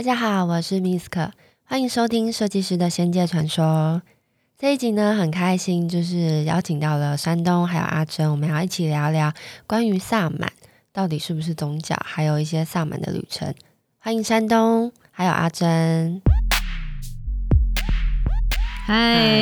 大家好，我是 Misk，歡迎收聽《設計師的仙界傳說》。這一集呢，很開心，就是邀請到了山東還有阿蓁，我們要一起聊一聊關於薩滿到底是不是宗教，還有一些薩滿的旅程。歡迎山東還有阿蓁。嗨，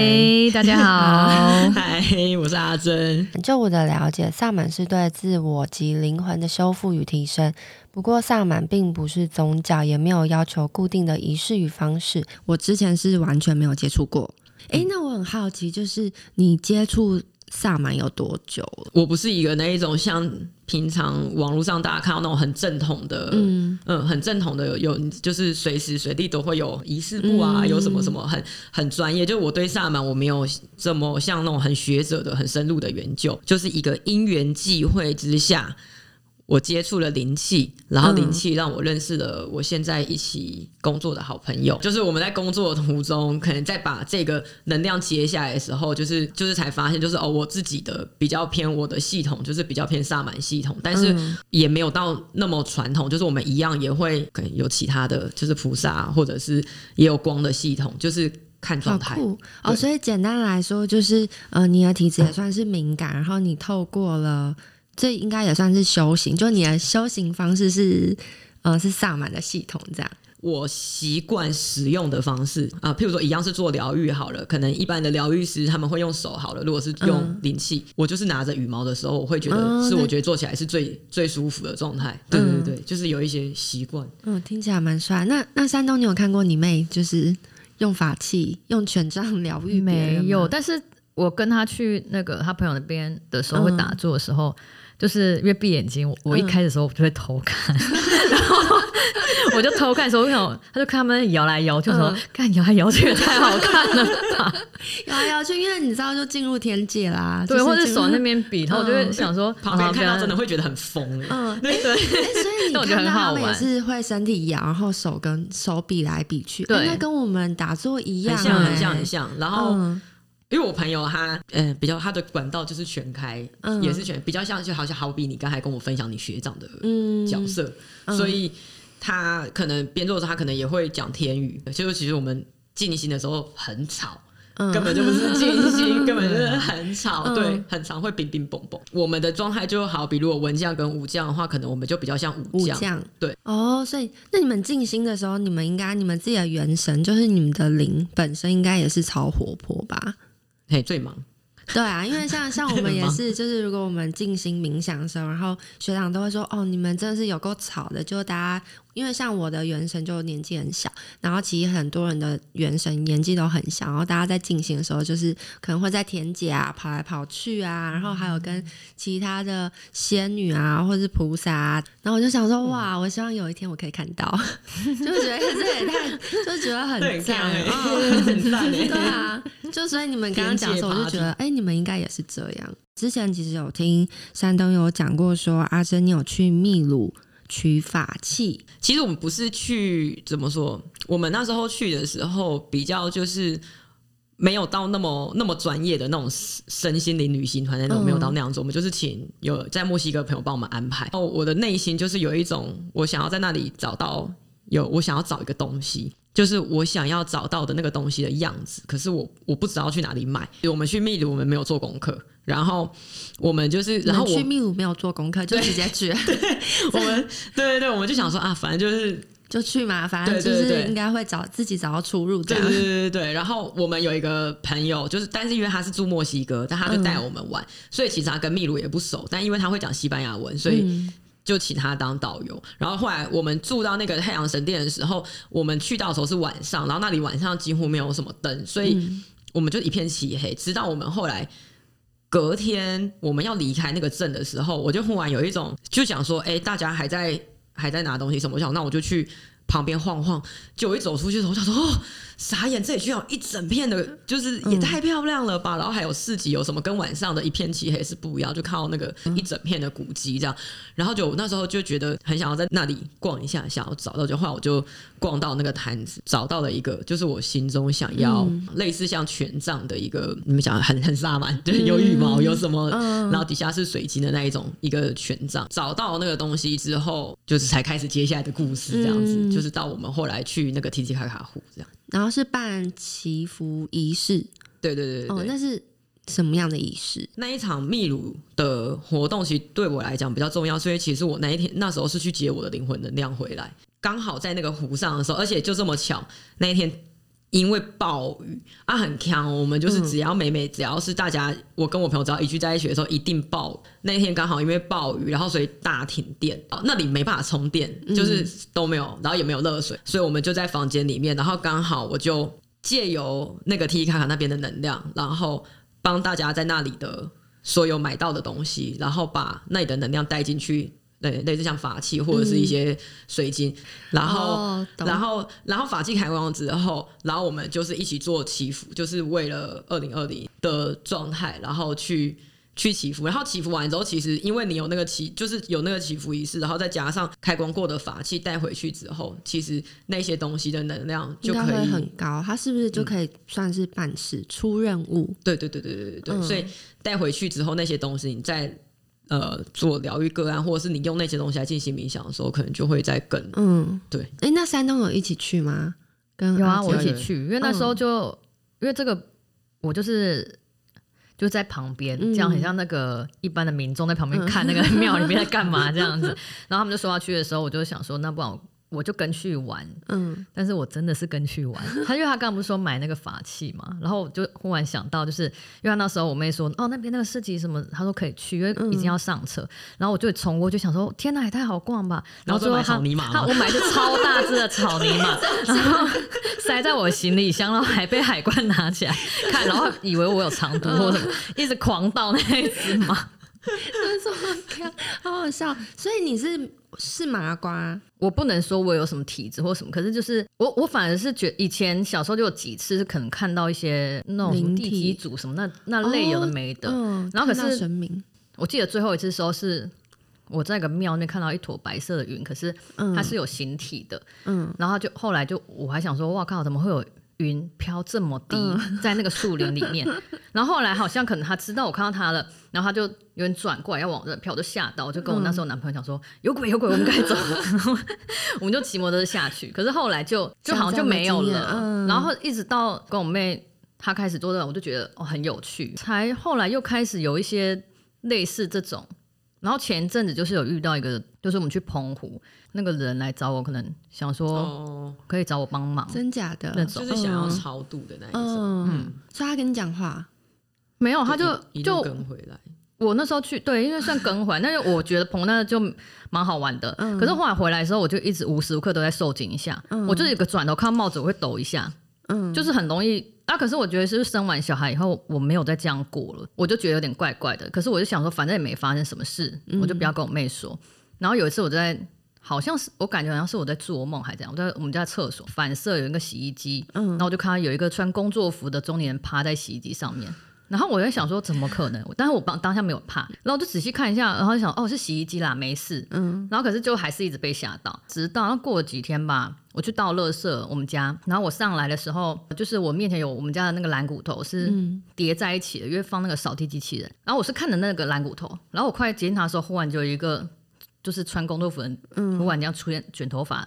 大家好。嗨，我是阿蓁。就我的了解，薩滿是對自我及靈魂的修復與提升。不過，薩滿並不是宗教，也沒有要求固定的儀式與方式。我之前是完全沒有接觸過。哎、欸，那我很好奇，就是你接觸。薩滿有多久了？我不是一個那一種，像平常網絡上大家看到那種很正統的，嗯，嗯，很正統的有，就是隨時隨地都會有儀式部啊、嗯，有什麼什麼很很專業。就我對薩滿我沒有這麼像那種很學者的、很深入的研究，就是一個因緣際會之下。我接觸了靈氣，然後靈氣讓我認識了我現在一起工作的好朋友。嗯、就是我們在工作的途中，可能在把這個能量接下來的時候，就是就是才發現，就是哦，我自己的比較偏我的系統，就是比較偏薩滿系統，但是也沒有到那麼傳統。就是我們一樣也會可能有其他的，就是菩薩或者是也有光的系統，就是看狀態哦。所以簡單來說，就是呃，你的體質也算是敏感、嗯，然後你透過了。這應該也算是修行，就你的修行方式是，呃，是薩滿的系統這樣。我習慣使用的方式啊、呃，譬如說一樣是做療癒好了，可能一般的療癒師他們會用手好了，如果是用靈氣、嗯，我就是拿着羽毛的時候，我會覺得是我覺得做起來是最、哦、最舒服的狀態。對對對，對、嗯，就是有一些習慣。嗯，聽起來蠻帥。那那山東，你有看過你妹就是用法器用權杖療癒沒有？但是我跟她去那個她朋友那邊的時候，會打坐的時候。嗯就是越閉眼睛，我我一開始的時候，我就會偷看，嗯、 然後我就偷看的時候，我想他就看他們搖來搖去，就說看搖來搖去也太好看了，搖 來搖去，因為你知道就進入天界啦、啊，對，就是、或者手在那邊比，然後就會想說、嗯、旁邊看到真的會覺得很瘋，嗯，對，對、欸，所以你看到他們也是會身體搖，然後手跟手比來比去，對、欸，那跟我們打坐一樣、欸，很像很像，像，然後。嗯因為我朋友他嗯、呃、比較他的管道就是全開，嗯、也是全比較像，就好像好比你剛才跟我分享你學長的角色，嗯嗯、所以他可能編作的時候，他可能也會講天語，就是其實我們靜心的時候很吵，嗯、根本就不是靜心、嗯，根本就是很吵、嗯，對，很常會乒乒。乓、嗯、乓。我們的狀態就好，比如我文將跟武將的話，可能我們就比較像武將，對。哦，所以那你們靜心的時候，你們應該你們自己的元神就是你們的靈本身應該也是超活潑吧？嘿，最忙，對啊，因為像像我們也是， 就是如果我們進行冥想的時候，然後學長都會說，哦，你們真的是有夠吵的，就大家。因為像我的元神就年紀很小，然後其實很多人的元神年紀都很小，然後大家在進行的時候，就是可能會在田姐啊跑來跑去啊，然後還有跟其他的仙女啊或是菩薩、啊，然後我就想說哇，我希望有一天我可以看到， 就覺得這也太就覺得很讚 哦、欸嗯，很讚、欸、對啊，就所以你們剛剛講的時候，我就覺得哎、欸，你們應該也是這樣。之前其實有聽山東有講過說，阿蓁你有去秘魯。取法器，其實我們不是去，怎麼說，我們那時候去的時候比較就是沒有到那麼那麼專業的那種身心靈旅行團那種，沒有到那樣做，嗯，我們就是請有在墨西哥朋友幫我們安排。哦，我的內心就是有一種我想要在那裡找到。有我想要找一個東西，就是我想要找到的那個東西的樣子。可是我我不知道去哪裡買。我們去秘魯，我們沒有做功課。然後我們就是，然後去秘魯沒有做功課，就直接去。對 我們對對對，我們就想說啊，反正就是就去嘛，反正就是應該會找自己找到出入這樣。這對對對對。然後我們有一個朋友，就是但是因為他是住墨西哥，但他就帶我們玩、嗯，所以其實他跟秘魯也不熟。但因為他會講西班牙文，所以。嗯就請他當導遊，然後後來我們住到那個太陽神殿的時候，我們去到的時候是晚上，然後那裡晚上幾乎沒有什麼燈，所以我們就一片漆黑。嗯、直到我們後來隔天我們要離開那個鎮的時候，我就忽然有一種就想說，哎、欸，大家還在還在拿東西什麼？我想那我就去旁邊晃晃，結果一走出去的時候，我想說哦。傻眼，這裡居然有一整片的，就是也太漂亮了吧！嗯、然後還有市集，有什麼跟晚上的一片漆黑是不一樣，就看到那個一整片的古蹟這樣。然後就那時候就覺得很想要在那裡逛一下，想要找到，就後來我就逛到那個攤子，找到了一個，就是我心中想要類似像權杖的一個，嗯、你們想，很很薩滿，對，有羽毛有什麼、嗯，然後底下是水晶的那一種一個權杖。找到那個東西之後，就是才開始接下來的故事這樣子，嗯、就是到我們後來去那個提提卡卡湖這樣。然後是辦祈福儀式，對對對，對，對。哦，那是什麼樣的儀式？那一場秘魯的活動，其實對我來講比較重要，所以其實我那一天那時候是去接我的靈魂能量回來，剛好在那個湖上的時候，而且就這麼巧，那一天。因為暴雨，啊很強，喔，我們就是只要每每、嗯、只要是大家，我跟我朋友只要一聚在一起的時候，一定暴雨，那天剛好因為暴雨，然後所以大停電，那裡沒辦法充電，就是都沒有，然後也沒有熱水，嗯，所以我們就在房間裡面，然後剛好我就借由那個 Titicaca 那邊的能量，然後幫大家在那裡的所有買到的東西，然後把那裡的能量帶進去。對，類似像法器或者是一些水晶，嗯、然後，然後，然後，然後法器開光之後，然後我們就是一起做祈福，就是為了二零二零的狀態，然後去去祈福，然後祈福完之後，其實因為你有那個祈，就是有那個祈福儀式，然後再加上開光過的法器帶回去之後，其實那些東西的能量就可以很高，它是不是就可以算是辦事？嗯、出任務？對對對對對對，對、嗯、所以帶回去之後那些東西，你再。呃，做療癒個案，或者是你用那些東西來進行冥想的時候，可能就會在跟嗯對。哎、欸，那山東有一起去嗎？跟阿蓁？有啊，我一起去，因為那時候就、嗯、因為這個，我就是就在旁邊、嗯，這樣很像那個一般的民眾在旁邊、嗯、看那個廟裡面在幹嘛這樣子。 然後他們就說要去的時候，我就想說，那不然。我就跟去玩，嗯，但是我真的是跟去玩。他因為他剛剛不是說買那個法器嘛，然後就忽然想到，就是因為他那時候我妹說，哦，那邊那個市集什麼，他說可以去，因為已經要上車，然後我就衝過去想說，天哪，也太好逛吧！然後就買草泥馬了，我買個超大隻的草泥馬， 然後塞在我的行李箱，然後還被海關拿起來看，然後以為我有藏毒，或者一直狂倒那草泥馬，他說天，好好笑，所以你是。是麻瓜，我不能說我有什麼體質或什麼，可是就是我，我反而是覺得以前小時候就有幾次是可能看到一些那種什麼地基主什麼，那那類有的沒的、哦。然後可是，我記得最後一次說是我在一個廟內看到一坨白色的雲、嗯，可是它是有形體的。嗯，然後就後來就我還想說，哇靠，怎麼會有？雲飄這麼低，在那個樹林裡面，嗯、 然後後來好像可能他知道我看到他了，然後他就有點轉過來要往這飄，我就嚇到，我就跟我那時候男朋友講說、嗯、有鬼有鬼，我們該走了， 我們就騎摩托車下去。可是後來就就好像就沒有了這樣這樣沒勁、啊嗯，然後一直到跟我妹她開始做這，我就覺得哦很有趣，才後來又開始有一些類似這種。然後前陣子就是有遇到一個，就是我們去澎湖，那個人來找我，可能想說可以找我幫忙、哦，真假的，那種是想要超度的那一種嗯嗯嗯。嗯，所以他跟你講話沒有？他就就跟回來。我那時候去對，因為算跟回來， 但是我覺得澎湖那就蠻好玩的、嗯。可是後來回來的時候，我就一直無時無刻都在收緊一下。嗯，我就有個轉頭看帽子，我會抖一下。嗯，就是很容易。那、啊、可是我覺得是生完小孩以後我沒有再這樣過了，我就覺得有點怪怪的。可是我就想說，反正也沒發生什麼事、嗯，我就不要跟我妹說。然後有一次我就在，好像是我感覺好像是我在做夢還這樣。我在我們家廁所反射有一個洗衣機、嗯，然後我就看到有一個穿工作服的中年人趴在洗衣機上面。然後我在想說，怎麼可能？但是我當當下沒有怕，然後就仔細看一下，然後就想，哦，是洗衣機啦，沒事。嗯，然後可是就還是一直被嚇到，直到然後過了幾天吧。我去倒垃圾，我們家，然後我上來的時候，就是我面前有我們家的那個藍骨頭是疊在一起的，嗯、因為放那個掃地機器人。然後我是看着那個藍骨頭，然後我快接近他的時候，忽然就有一個就是穿工作服的人，忽然間出現，捲頭髮。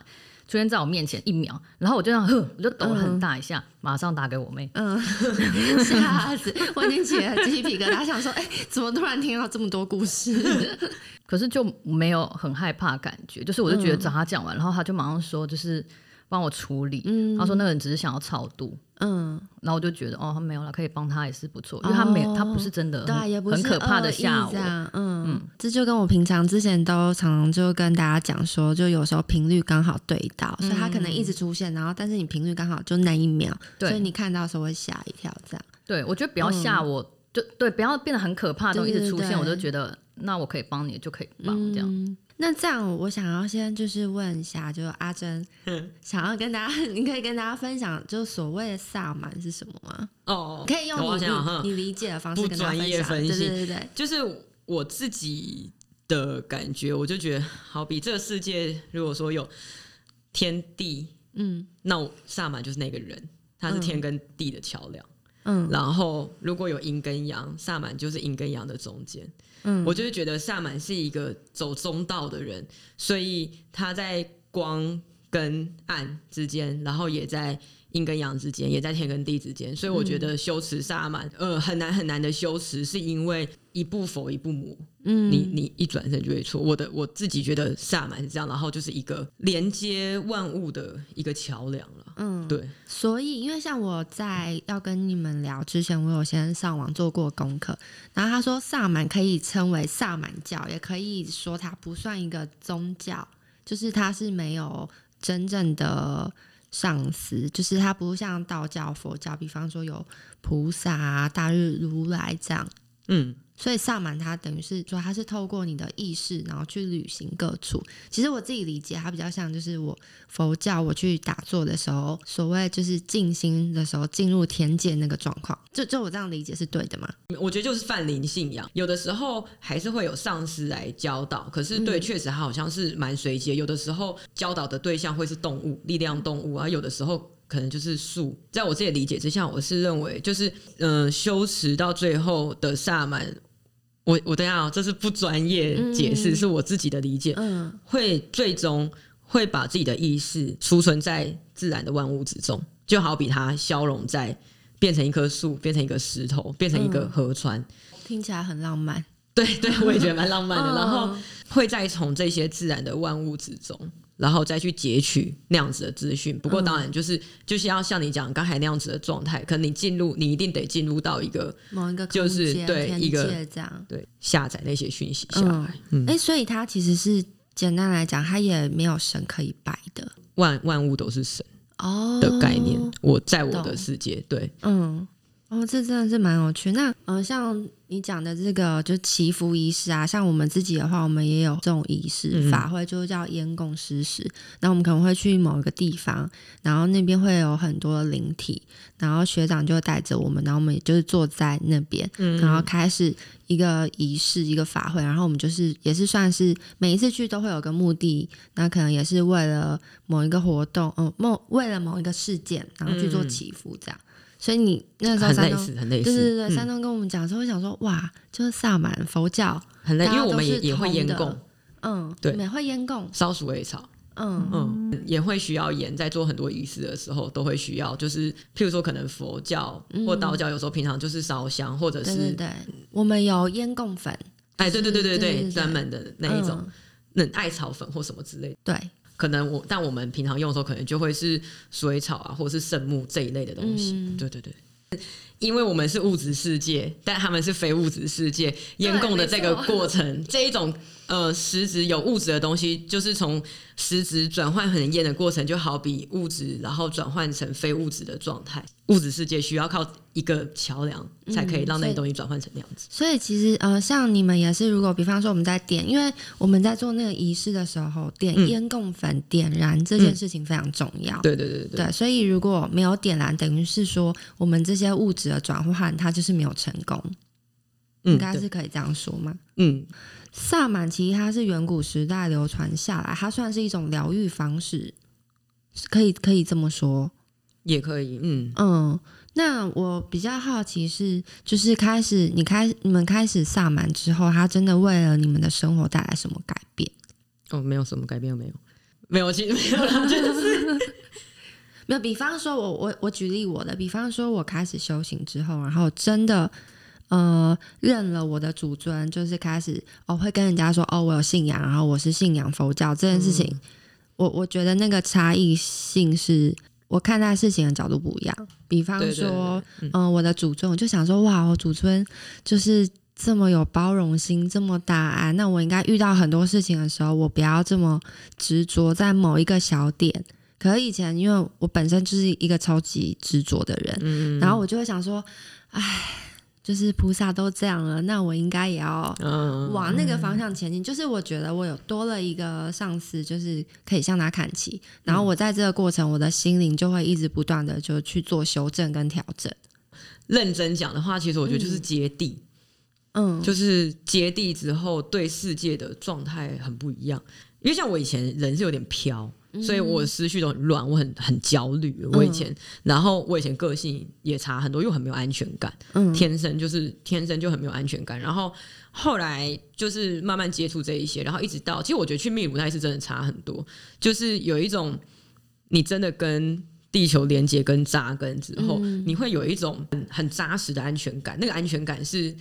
出現在我面前一秒，然後我就這樣，哼，我就抖了很大一下、嗯，馬上打給我妹。嗯，嚇 死！我捏起雞皮疙瘩，想說，哎、欸，怎麼突然聽到這麼多故事？ 可是就沒有很害怕感覺，就是我就覺得找他講完、嗯，然後他就馬上說，就是。幫我處理、嗯，他說那個人只是想要超度。嗯，然後我就覺得哦，他沒有了，可以幫他也是不錯，哦、因為他沒，他不是真的，對、啊，很可怕的嚇我、啊嗯，嗯，這就跟我平常之前都常，常就跟大家講說，就有時候頻率剛好對到，嗯、所以他可能一直出現，然後但是你頻率剛好就那一秒、嗯，所以你看到的時候會嚇一跳，這樣，對、嗯、我覺得不要嚇我，就對，不要變得很可怕就一直出現，我就覺得那我可以幫你就可以幫、嗯、這樣。那這樣，我想要先就是問一下，就是阿蓁，想要跟大家， 你可以跟大家分享，就是所謂的薩滿是什麼嗎？哦、oh,，可以用你,、oh, 你, oh, 你理解的方式跟大家分享，分析對對對，對，就是我自己的感覺，我就覺得，好比這個世界，如果說有天地，嗯，那薩滿就是那個人，他是天跟地的橋樑，嗯，然後如果有陰跟陽，薩滿就是陰跟陽的中間。嗯，我就是覺得薩滿是一個走中道的人，所以他在光跟暗之間，然後也在陰跟陽之間，也在天跟地之間，所以我覺得修持薩滿，呃，很難很難的修持是因為，一步佛，一步魔。嗯，你你一轉身就會錯。我的我自己覺得薩滿是這樣，然後就是一個連接萬物的一個橋梁了。嗯，對。所以，因為像我在要跟你們聊之前，我有先上網做過功課。然後他說，薩滿可以稱為薩滿教，也可以說它不算一個宗教，就是它是沒有真正的上司，就是它不像道教、佛教，比方說有菩薩、啊、大日如來這樣。嗯。所以薩滿他等於是說，他是透過你的意識，然後去旅行各處。其實我自己理解，他比較像就是我佛教我去打坐的時候，所謂就是靜心的時候進入天界那個狀況。就就我這樣理解是對的嗎？我覺得就是泛靈信仰，有的時候還是會有上師來教導。可是對，確實他好像是蠻隨機。有的時候教導的對象會是動物，力量動物啊；有的時候可能就是樹。在我自己的理解之下，我是認為就是嗯、呃，修持到最後的薩滿。我我等一下、喔，這是不專業解釋、嗯嗯，是我自己的理解。嗯，會最終會把自己的意識儲存在自然的萬物之中，就好比它，消融在變成一棵樹，變成一個石頭、嗯，變成一個河川。聽起來很浪漫，對對，我也覺得蠻浪漫的。 然後會再從這些自然的萬物之中，然後再去截取那樣子的資訊，不過當然就是、嗯、就是要像你講剛才那樣子的狀態，可能你進入，你一定得進入到一個某一個就是對一個這樣對，下載那些訊息下來，哎、嗯嗯欸，所以它其實是簡單來講，它也沒有神可以拜的，萬萬物都是神哦的概念、哦，我在我的世界對，嗯。哦，這真的是蠻有趣。那呃，像你講的這個，就祈福儀式啊，像我們自己的話，我們也有這種儀式法會，嗯、就是叫煙供施食。那我們可能會去某一個地方，然後那邊會有很多靈體，然後學長就帶着我們，然後我們也就是坐在那邊、嗯，然後開始一個儀式一個法會，然後我們就是也是算是每一次去都會有個目的，那可能也是為了某一個活動，嗯、呃，某為了某一個事件，然後去做祈福這樣。嗯所以你那時候山東，對對對，山、嗯、東跟我們講的時候會說，想說哇，就是薩滿佛教很累，因為我們也也會煙供，嗯，對，也會煙供，燒鼠尾草，嗯嗯，也會需要煙，在做很多儀式的時候都會需要，就是譬如說可能佛教或道教有時候平常就是燒香、嗯，或者是對，對，對，我們有煙供粉，就是、哎對對對對，對對對對對，專門的那一種，冷、嗯、艾草粉或什麼之類，的，對。可能我，但我們平常用的時候，可能就會是水草啊，或是聖木這一類的東西。嗯。對對對，因為我們是物質世界，但他們是非物質世界。煙供的這個過程，這一種。呃，實質有物質的東西，就是從實質轉換成煙的過程，就好比物質然後轉換成非物質的狀態。物質世界需要靠一個橋梁，才可以讓那個東西轉換成那樣子。嗯、所以，所以其實呃，像你們也是，如果比方說我們在點，因為我們在做那個儀式的時候，點煙供粉、嗯、點燃這件事情非常重要。嗯、對對對對，對，所以如果沒有點燃，等於是說我們這些物質的轉換，它就是沒有成功。嗯，大家是可以這樣說嗎？嗯。薩滿其實它是遠古時代流傳下來，它算是一種療癒方式，可以可以這麼說，也可以，嗯嗯。那我比較好奇是，就是開始你開你們開始薩滿之後，它真的為了你們的生活帶來什麼改變？哦，沒有什麼改變，沒有，沒有，其實沒有啦，就是 沒有。比方說我我我舉例我的，比方說我開始修行之後，然後真的。呃，認了我的祖尊，就是開始，哦，會跟人家說，哦，我有信仰，然後我是信仰佛教這件事情。嗯、我我覺得那個差異性是，我看待事情的角度不一樣。比方說，哦、對對對嗯、呃，我的祖尊，就想說，哇，我祖尊就是這麼有包容心，這麼大愛，那我應該遇到很多事情的時候，我不要這麼執着在某一個小點。可是以前，因為我本身就是一個超級執着的人，嗯嗯，然後我就會想說，哎。就是菩薩都這樣了，那我應該也要往那個方向前進。嗯、就是我覺得我有多了一個上司，就是可以向他看齊，嗯。然後我在這個過程，我的心靈就會一直不斷的就去做修正跟調整。認真講的話，其實我覺得就是接地，嗯，就是接地之後對世界的狀態很不一樣。因為像我以前人是有點飄。所以我思緒都很亂，我很很焦慮。我以前，嗯、然後我以前個性也差很多，又很沒有安全感，嗯、天生就是天生就很沒有安全感。然後後來就是慢慢接觸這一些，然後一直到其實我覺得去秘魯才是真的差很多，就是有一種你真的跟地球連接跟紮根之後，嗯、你會有一種很，很紮實的安全感。那個安全感是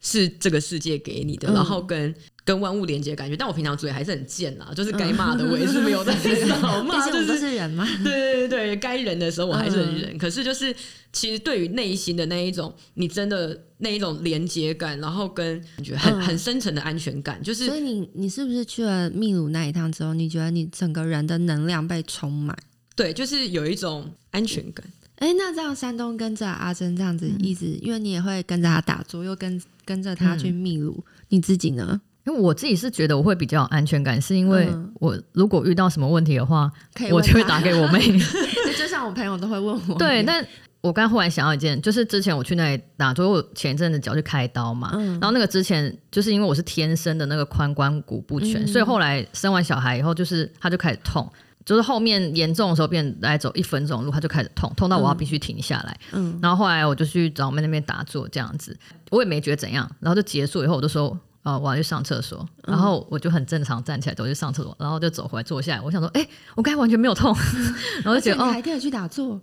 是這個世界給你的，嗯、然後跟。跟萬物連接感覺，但我平常嘴還是很賤吶，就是該罵的我也是沒有在少罵，嗯、 就是、我不是人嗎？對對對，該忍的時候我還是很忍、嗯，可是就是其實對於內心的那一種，你真的那一種連接感，然後跟感覺很、嗯、很深層的安全感，就是。所以你你是不是去了秘魯那一趟之後，你覺得你整個人的能量被充滿？對，就是有一種安全感。哎、嗯欸，那這樣山東跟着阿蓁這樣子一直、嗯，因為你也會跟着他打坐，又跟跟着他去秘魯、嗯，你自己呢？因為我自己是覺得我會比較有安全感，是因為我如果遇到什麼問題的話，嗯、可以問他，我就會打給我妹、妹。 就像我朋友都會問我。對，但我剛忽然想到一件，就是之前我去那裡打坐，我前一陣子腳就開刀嘛、嗯，然後那個之前就是因為我是天生的那個髖關骨不全、嗯，所以後來生完小孩以後，就是他就開始痛，就是後面嚴重的時候，變來走一分鐘路，他就開始痛，痛到我要必須停下來、嗯嗯。然後後來我就去找我妹那邊打坐，這樣子我也沒覺得怎樣，然後就結束以後，我就說。哦，我要去上廁所、嗯，然後我就很正常站起來，走去上廁所，然後就走回來坐下來。我想說，哎，我剛才完全沒有痛， 然後就覺得哦，還可以去打坐。哦、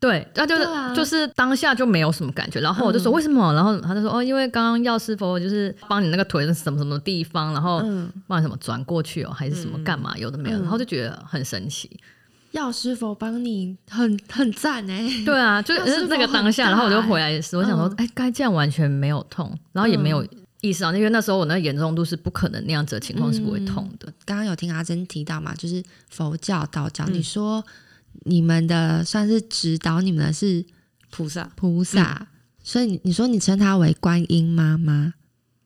對，那、啊、就是、啊、就是當下就沒有什麼感覺。然後我就說、嗯、為什麼？然後他就說哦，因為剛剛藥師佛就是幫你那個腿什麼什麼地方，然後幫你什麼轉過去哦，還是什麼幹嘛，嗯、有的沒有、嗯。然後就覺得很神奇，藥師佛幫你很很讚哎、欸。對啊，就是這個當下。然後我就回來，的時候，我想說，哎，剛才這樣完全沒有痛，然後也沒有。嗯意思啊，因為那時候我那嚴重度是不可能那樣子的，情況是不會痛的。嗯、剛剛有聽阿蓁提到嘛，就是佛教道教，嗯，你說你們的算是指導你們的是菩薩，菩薩，嗯，所以你說你稱他為觀音媽媽，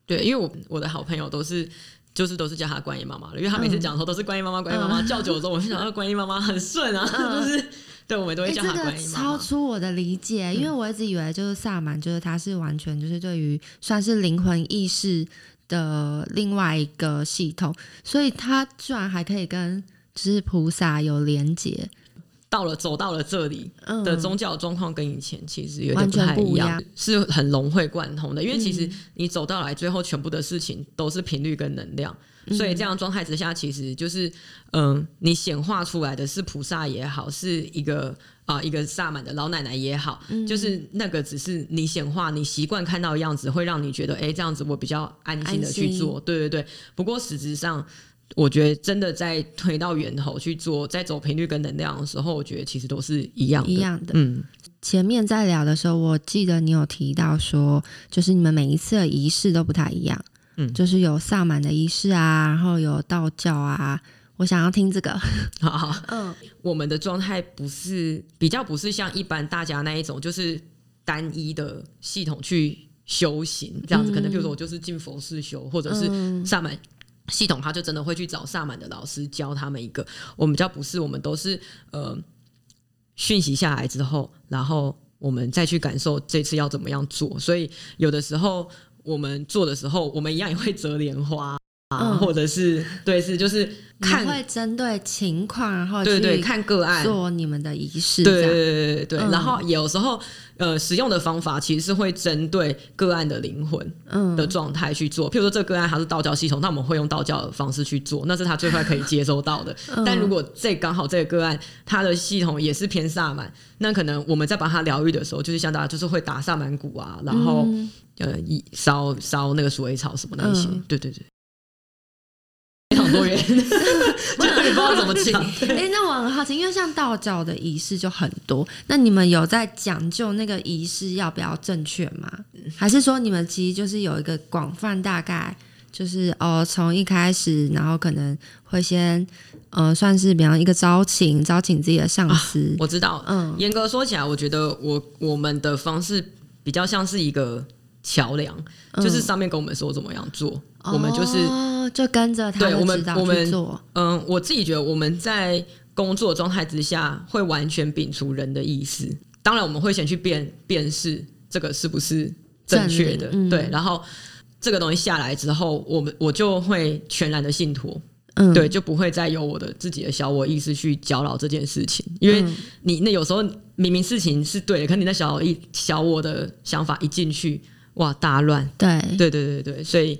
對，因為我我的好朋友都是就是都是叫她觀音媽媽，因為他每次講的時候都是觀音媽媽，觀音媽媽叫久了之後，我就想到，觀音媽媽很順啊，嗯、 就是。對，我們都會講好、這個、超出我的理解，因為我一直以為就是薩滿，就是它是完全就是對於算是靈魂意識的另外一個系統，所以它居然還可以跟就是菩薩有連結，到了走到了這裡的宗教狀況跟以前其實完全不一樣，是很融會貫通的，因為其實你走到來最後，全部的事情都是頻率跟能量。所以這樣狀態之下嗯嗯，其實就是，嗯，你顯化出來的是菩薩也好，是一個啊、呃，一個薩滿的老奶奶也好嗯嗯，就是那個只是你顯化，你習慣看到的樣子，會讓你覺得，哎，這樣子我比較安心的去做，對對對。不過實質上，我覺得真的在推到源頭去做，在走頻率跟能量的時候，我覺得其實都是一樣的一樣的。嗯，前面在聊的時候，我記得你有提到說，就是你們每一次的儀式都不太一樣。嗯、就是有薩滿的儀式啊，然後有道教啊，我想要聽這個。好，嗯，我們的狀態不是比較不是像一般大家那一種，就是單一的系統去修行這樣子。嗯、可能比如說我就是進佛寺修，或者是薩滿系統，他就真的會去找薩滿的老師教他們一個。我們比較不是，我們都是呃，訊息下來之後，然後我們再去感受這次要怎麼樣做。所以有的時候。我們做的時候，我們一樣也會折蓮花。啊，或者是、嗯、對，是就是看會針對情況，然後對對看個案做你們的儀式，對對對對對，對，對，對、嗯。然後有時候呃，使用的方法其實是會針對個案的靈魂嗯的狀態去做。嗯、譬如說這個，個案它，是道教系統，那我們會用道教的方式去做，那是他最快可以接收到的、 嗯。但如果這剛好這個個案他的系統也是偏薩滿，那可能我們在幫他療癒的時候，就是像大家就是會打薩滿鼓啊，然後、嗯、呃燒燒那個鼠尾草什麼那一些、嗯，對對對。我 也 不知道怎麼講。哎，那我很好奇，因為像道教的儀式就很多，那你們有在講究那個儀式要不要正確嗎？還是說你們其實就是有一個廣泛大概，就是哦，從一開始，然後可能會先，呃，算是比方一個招請，招請自己的上司。啊，我知道，嗯，嚴格說起來，我覺得我我們的方式比較像是一個。橋樑、嗯、就是上面跟我們說我怎麼樣做，哦、我們就是就跟着他的指導、對、我們、我們、嗯。嗯，我自己覺得我們在工作狀態之下會完全摒除人的意思。當然，我們會先去辨辨識這個是不是正確的正、嗯。對，然後這個東西下來之後，我們我就會全然的信托。嗯，對，就不會再有我的自己的小我的意思去攪擾這件事情。因為你、嗯、那有時候明明事情是對的，可是你那小一小我的想法一進去。哇，大亂！對對對對對，所以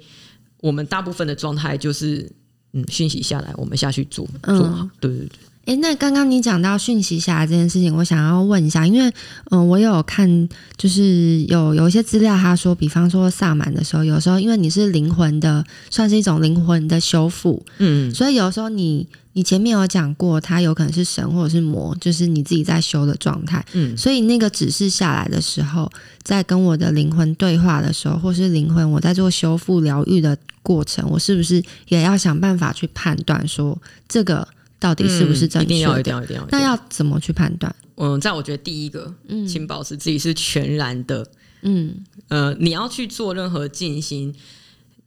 我們大部分的狀態就是，嗯，訊息下來，我們下去做，做好，嗯，對對對。哎，那剛剛你講到訊息下來這件事情，我想要問一下，因為嗯、呃，我有看，就是有有一些資料，他說，比方說薩滿的時候，有時候因為你是靈魂的，算是一種靈魂的修復，嗯，所以有時候你你前面有講過，它有可能是神或者是魔，就是你自己在修的狀態，嗯，所以那個指示下來的時候，在跟我的靈魂對話的時候，或是靈魂我在做修復療愈的過程，我是不是也要想辦法去判斷說這個到底是不是正確、嗯？一定要、一定要、一定要。那要怎麼去判斷？嗯，在我覺得第一個、嗯，請保持自己是全然的。嗯，呃，你要去做任何進行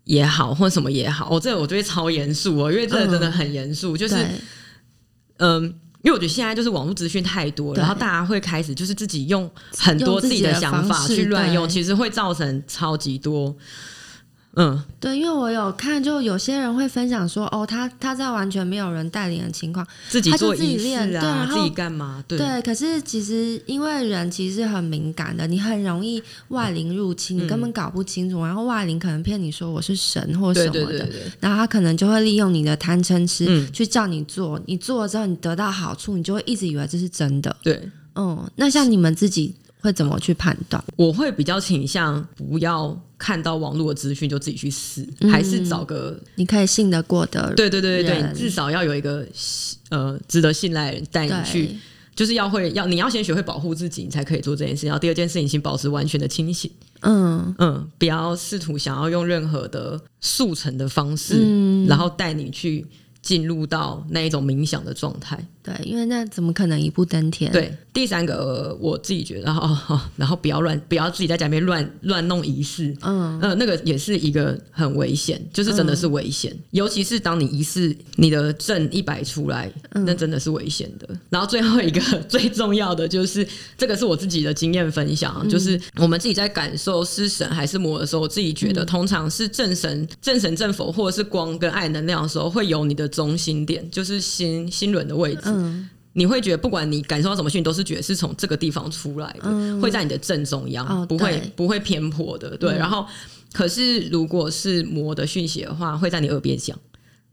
也好，或什麼也好，我、哦、這個、我覺得超嚴肅哦，因為這個真的很嚴肅、嗯嗯。就是，嗯、呃，因為我覺得現在就是網絡資訊太多然後大家會開始就是自己用很多自己的想法去亂用,用，其實會造成超級多。嗯，對，因為我有看，就有些人會分享說，哦，他他在完全沒有人帶領的情況，自己做儀式啊，他就自己練啊，自己幹嘛，對。對，可是其實因為人其實很敏感的，你很容易外靈入侵，嗯、你根本搞不清楚。然後外靈可能騙你說我是神或什麼的，對對對對對，然後他可能就會利用你的貪嗔癡去叫你做，嗯，你做了之後你得到好處，你就會一直以為這是真的。對，嗯，那像你們自己。會怎麼去判斷？我會比較傾向不要看到網絡的資訊就自己去試，嗯、還是找個你可以信得過的人。對對對對對，至少要有一個呃值得信賴的人帶你去，就是要會要你要先學會保護自己，你才可以做這件事。然後第二件事，你先保持完全的清醒。嗯嗯，不要試圖想要用任何的速成的方式，嗯、然後帶你去進入到那一種冥想的狀態。對，因為那怎麼可能一步登天？對，第三個、呃、我自己覺得，然、哦、後、哦、然後不要亂，不要自己在家裡面亂亂弄儀式，嗯嗯、呃，那個也是一個很危險，就是真的是危險，嗯、尤其是當你儀式你的正一擺出來，那真的是危險的。嗯、然後最後一個最重要的就是這個是我自己的經驗分享、嗯，就是我們自己在感受是神還是魔的時候，我自己覺得通常是正神、嗯、正神正佛或者是光跟愛能量的時候，會有你的中心點，就是心心輪的位置。嗯嗯，你會覺得，不管你感受到什麼訊息，都是覺得是從這個地方出來的，嗯、會在你的正中央一樣、哦，不會不會偏頗的。對、嗯，然後可是如果是魔的訊息的話，會在你耳邊講，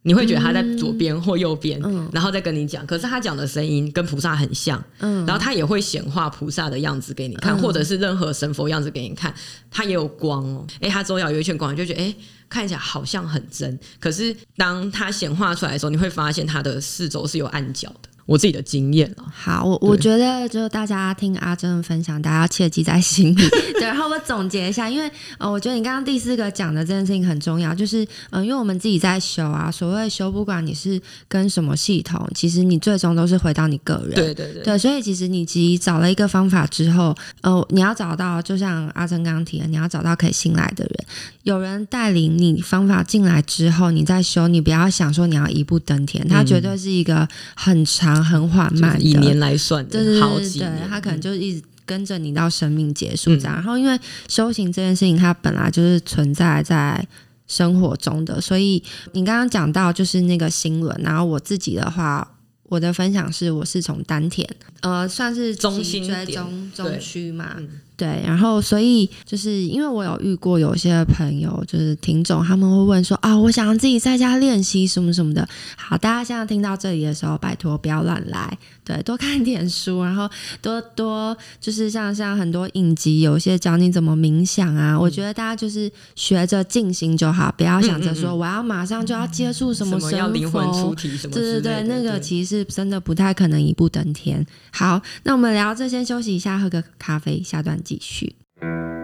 你會覺得他在左邊或右邊、嗯，然後再跟你講。可是他講的聲音跟菩薩很像，嗯，然後他也會顯化菩薩的樣子給你看、嗯，或者是任何神佛樣子給你看，他也有光哦，哎、欸，他周要有一圈光，就覺得哎、欸，看起來好像很真。可是當他顯化出來的時候，你會發現他的四周是有暗角的。我自己的經驗。好，我我覺得就大家聽阿蓁分享，大家要切記在心裡。 對，然後我總結一下，因為呃，我覺得你剛剛第四個講的這件事情很重要，就是嗯、呃，因為我們自己在修啊，所謂修，不管你是跟什麼系統，其實你最終都是回到你個人。對對對。對，所以其實你自己找了一個方法之後，哦、呃，你要找到，就像阿蓁剛剛提的，你要找到可以信賴的人，有人帶領你方法進來之後，你在修，你不要想說你要一步登天，嗯、他絕對是一個很長。很緩慢，以、就是、年來算的，就是好幾年，對，他可能就一直跟着你到生命結束這樣，嗯。然後，因為修行這件事情，它本來就是存在在生活中的，所以你剛剛講到就是那個心輪。然後我自己的話，我的分享是，我是從丹田，呃，算是中心中中區嘛。嗯。對，然後所以就是因為我有遇過有些朋友，就是聽眾，他們會問說啊、哦，我想自己在家練習什麼什麼的。好，大家現在聽到這裡的時候，拜託不要亂來，對，多看點書，然後多多就是像像很多影集，有些教你怎麼冥想啊、嗯。我覺得大家就是學着靜心就好，不要想着說我要馬上就要接觸什麼神、嗯嗯、什麼靈魂出體什麼對對對，那個其實是真的不太可能一步登天。好，那我們聊這先休息一下，喝個咖啡，下段。繼續。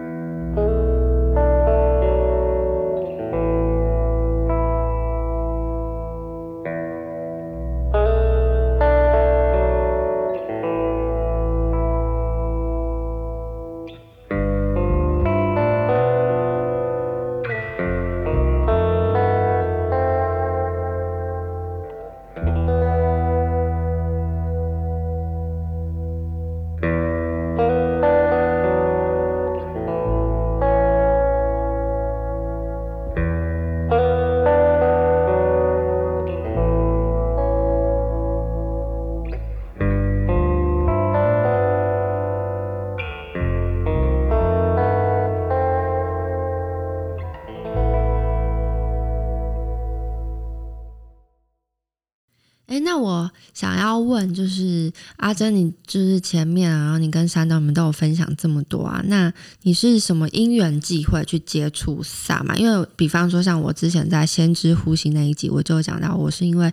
阿、啊、蓁，你就是前面、啊，然後你跟山東你們都有分享這麼多啊。那你是什麼因緣際會去接觸薩滿？因為比方說，像我之前在先知呼吸那一集，我就有講到我是因為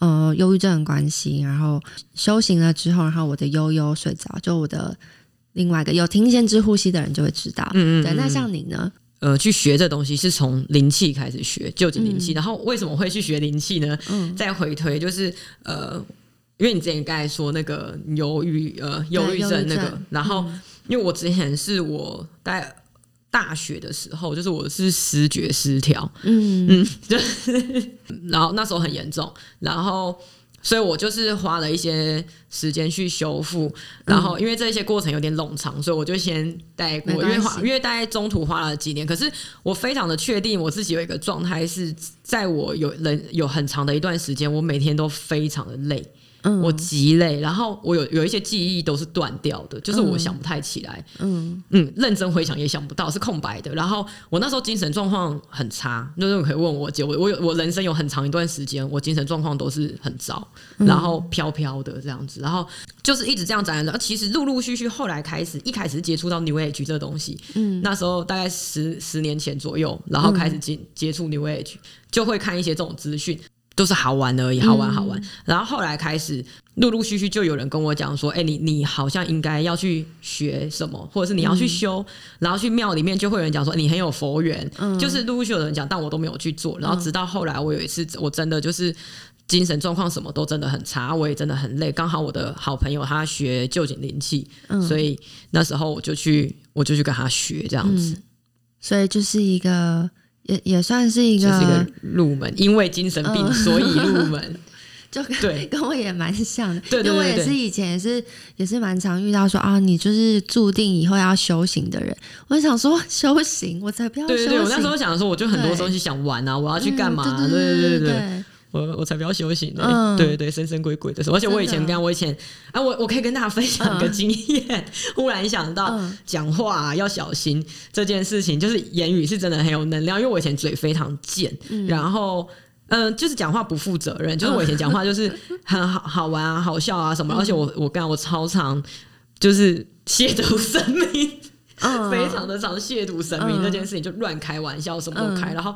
呃憂鬱症的關係，然後修行了之後，然後我的悠悠睡着，就我的另外一個有聽先知呼吸的人就會知道。嗯嗯。對，那像你呢？呃，去學這東西是從靈氣開始學，就近靈氣、嗯。然後為什麼會去學靈氣呢？嗯。再回推就是呃。因為你之前剛才說那個憂鬱，呃，憂鬱症那個，然後、嗯、因為我之前是我在大、大學的時候，就是我是思覺失調，嗯嗯，對、就是， 然後那時候很嚴重，然後所以我就是花了一些時間去修復、嗯，然後因為這些過程有點冗長，所以我就先帶過，因為花，因為大概中途花了幾年，可是我非常的確定我自己有一個狀態是在我有人有很長的一段時間，我每天都非常的累。嗯、我急累，然後我有有一些記憶都是斷掉的，就是我想不太起來。嗯嗯，認真回想也想不到，是空白的。然後我那時候精神狀況很差，那都可以問我姐。我我有我人生有很長一段時間，我精神狀況都是很糟，然後飄飄的這樣子，然後就是一直這樣輾轉。其實陸陸續續後來開始，一開始接觸到 New Age 這個東西，嗯，那時候大概十十年前左右，然後開始接接觸 New Age，、嗯、就會看一些這種資訊。都是好玩而已，好玩好玩。嗯、然後後來開始陸陸續續就有人跟我講說，哎、欸，你你好像應該要去學什麼，或者是你要去修，嗯、然後去廟裡面就會有人講說你很有佛緣，嗯、就是陸陸續續有人講，但我都沒有去做。然後直到後來，我有一次我真的就是精神狀況什麼都真的很差，我也真的很累。剛好我的好朋友他學臼井靈氣，嗯，所以那時候我就去我就去跟他學這樣子，嗯，所以就是一個。也也算是一個，就是一個入門，因為精神病、呃、所以入門， 就跟對，跟我也蠻像的。對對對對，因為我也是以前也是也是蠻常遇到說啊，你就是注定以後要修行的人。我想說修行，我才不要。對對對，我那時候想說，我就很多東西想玩啊，我要去幹嘛、啊嗯，對對對對，對。對對對對。我才比較小心呢。對對，神神鬼鬼的，而且我以前跟我以前啊，我我可以跟大家分享一個經驗，uh, 忽然想到講話、啊、要小心這件事情，就是言語是真的很有能量，因為我以前嘴非常賤、嗯，然後嗯，就是講話不負責任，uh, 就是我以前講話就是很好好玩啊、好笑啊什麼，uh, 而且我我跟我超常就是褻瀆、uh, 神明，非常的常褻瀆神明這件事情，就亂開玩笑，什麼都開，uh, uh, 然後。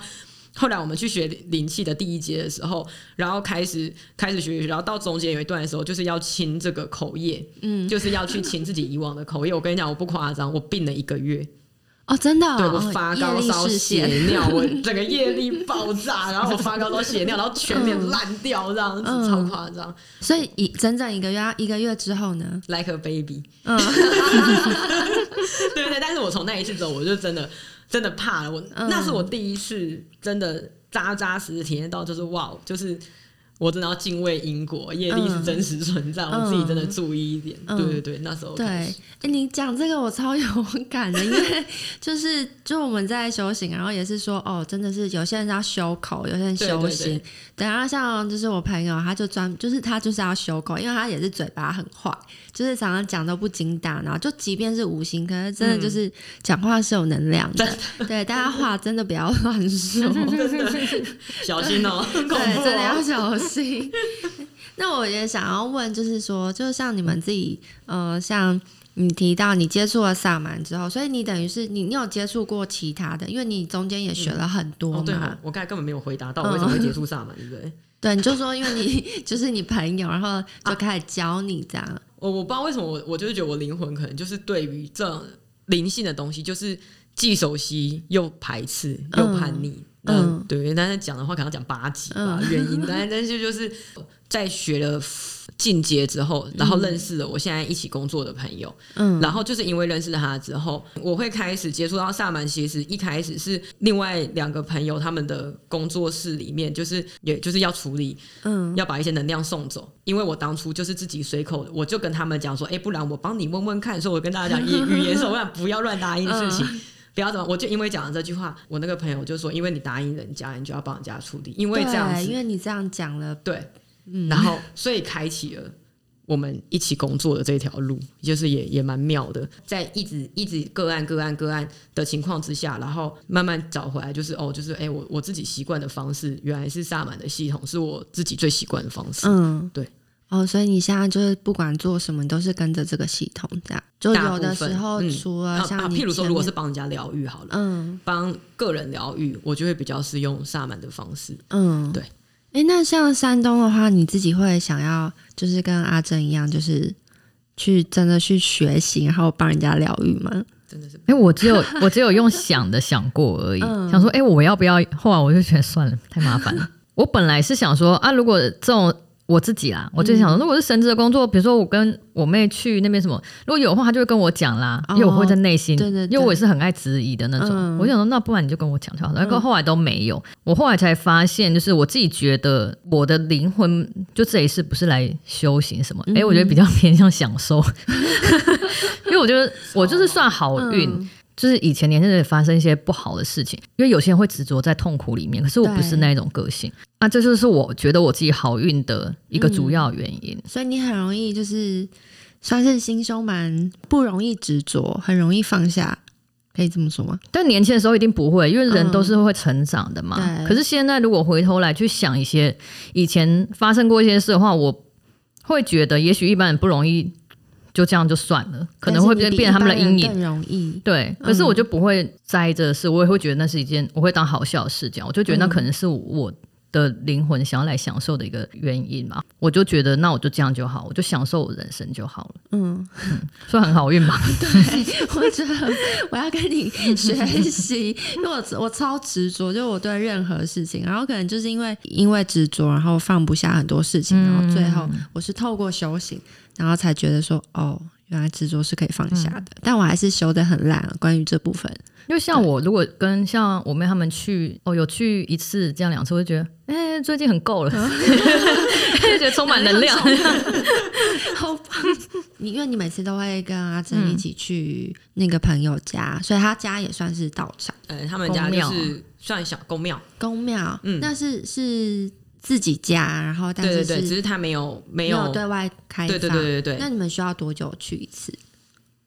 後來我們去學靈氣的第一節的時候，然後開始開始學，學，然後到中間有一段的時候，就是要清這個口業，嗯，就是要去清自己以往的口業。我跟你講，我不誇張，我病了一個月哦，真的、哦，對我發高燒、血尿血，我整個業力爆炸，然後我發高燒、血尿，然後全面爛掉，這樣子、嗯嗯、超誇張。所以一整整一個月，一個月之後呢，like a baby，、嗯、 對，對對，但是我從那一次走，我就真的。真的怕了，我、嗯、那是我第一次真的扎扎實實體驗到，就是哇，就是。我真的要敬畏因果，業力是真實存在、嗯。我自己真的注意一點。嗯、對對對，那時候對。哎、欸，你講這個我超有感的，因為就是就我們在修行， 然後也是說哦，真的是有些人是要修口，有些人修行。等下像就是我朋友，他就專就是他就是要修口，因為他也是嘴巴很壞，就是常常講都不經大腦，然後就即便是無心，可是真的就是講話是有能量的。嗯、對大家 話真的不要亂說 真的， 小心哦、喔。對，真、喔、的要小心。行， 那我也想要問，就是說，就像你們自己，呃，像你提到你接觸了薩滿之後，所以你等於是你，你有接觸過其他的，因為你中間也學了很多嘛、嗯哦，對我剛才根本沒有回答到我為什麼會接觸薩滿，對、嗯、不對？對，你就說因為你就是你朋友，然後就開始教你這樣。啊、我我不知道為什麼我我就是覺得我靈魂可能就是對於這靈性的東西，就是既熟悉又排斥又叛逆。嗯嗯，對，但是講的話可能要講八級吧，嗯、原因，但但是就是在學了進階之後、嗯，然後認識了我現在一起工作的朋友，嗯，然後就是因為認識他之後，我會開始接觸到薩滿，其實一開始是另外兩個朋友他們的工作室裡面，就是也就是要處理，嗯，要把一些能量送走，因為我當初就是自己隨口，我就跟他們講說，哎、欸，不然我幫你問問看，說我跟大家講語言手段不，不要亂答應的事情。嗯不要怎麼，我就因為講了這句話，我那個朋友就說：“因為你答應人家，你就要幫人家處理。”因為這樣子，因為你這樣講了，對、嗯。然後，所以開啟了我們一起工作的這條路，就是也也蠻妙的。在一直一直個案、個案、個案的情況之下，然後慢慢找回來，就是哦，就是哎、欸，我我自己習慣的方式，原來是薩滿的系統，是我自己最習慣的方式。嗯，對。哦，所以你現在就是不管做什麼，你都是跟着這個系統這樣。就有的時候，嗯、除了像、啊啊、譬如說，如果是幫人家療癒好了，嗯，幫個人療癒，我就會比較是用薩滿的方式，嗯，對。哎、欸，那像山東的話，你自己會想要就是跟阿蓁一樣，就是去真的去學習，然後幫人家療癒嗎？真的是、 欸，因為我只有我只有用想的想過而已，嗯、想說，哎、欸，我要不要？後來我就覺得算了，太麻煩了。 我本來是想說，啊，如果這種。我自己啦，我就想說，如果是神職的工作、嗯，比如說我跟我妹去那邊什麼，如果有的話，她就會跟我講啦、哦，因為我會在內心對對對，因為我也是很愛質疑的那種。嗯、我想說，那不然你就跟我講就好了。不、嗯、過後來都沒有，我後來才發現，就是我自己覺得我的靈魂就這一世不是來修行什麼，哎、嗯欸，我覺得比較偏向享受，嗯、 因為我覺得我就是算好運。哦嗯就是以前年輕時發生一些不好的事情，因為有些人會執着在痛苦裡面，可是我不是那一種個性啊，這就是我覺得我自己好運的一個主要原因。嗯，所以你很容易就是算是心胸蠻不容易執着，很容易放下，可以這麼說嗎？但年輕的時候一定不會，因為人都是會成長的嘛。嗯，可是現在如果回頭來去想一些以前發生過一些事的話，我會覺得也許一般人不容易。就這樣就算了，可能會變變成他們的陰影，更容易對。可是我就不會在意這個事，我也會覺得那是一件我會當好笑的事情。我就覺得那可能是我的靈魂想要來享受的一個原因嘛、嗯。我就覺得那我就這樣就好，我就享受我人生就好了。嗯，算、嗯、很好運吧。對，我覺得我要跟你學習，因為我我超執着，就我對任何事情，然後可能就是因為因為執着，然後放不下很多事情，然後最後我是透過修行。嗯嗯然後才覺得說，哦，原來執着是可以放下的。嗯、但我還是修得很爛、啊，關於這部分。因為像我，如果跟像我妹他們去，哦，有去一次，這樣兩次，我就覺得，哎、欸，最近很夠了，啊、 就覺得充滿能量，你 好棒你。因為你每次都會跟阿蓁一起去那個朋友家、嗯，所以他家也算是道場。呃，他們家就是算小宮廟，宮廟。嗯，那是是。自己家，然後但是是對對對，只是他沒有沒有，沒有對外開放。對對對對，對，對。那你們需要多久去一次？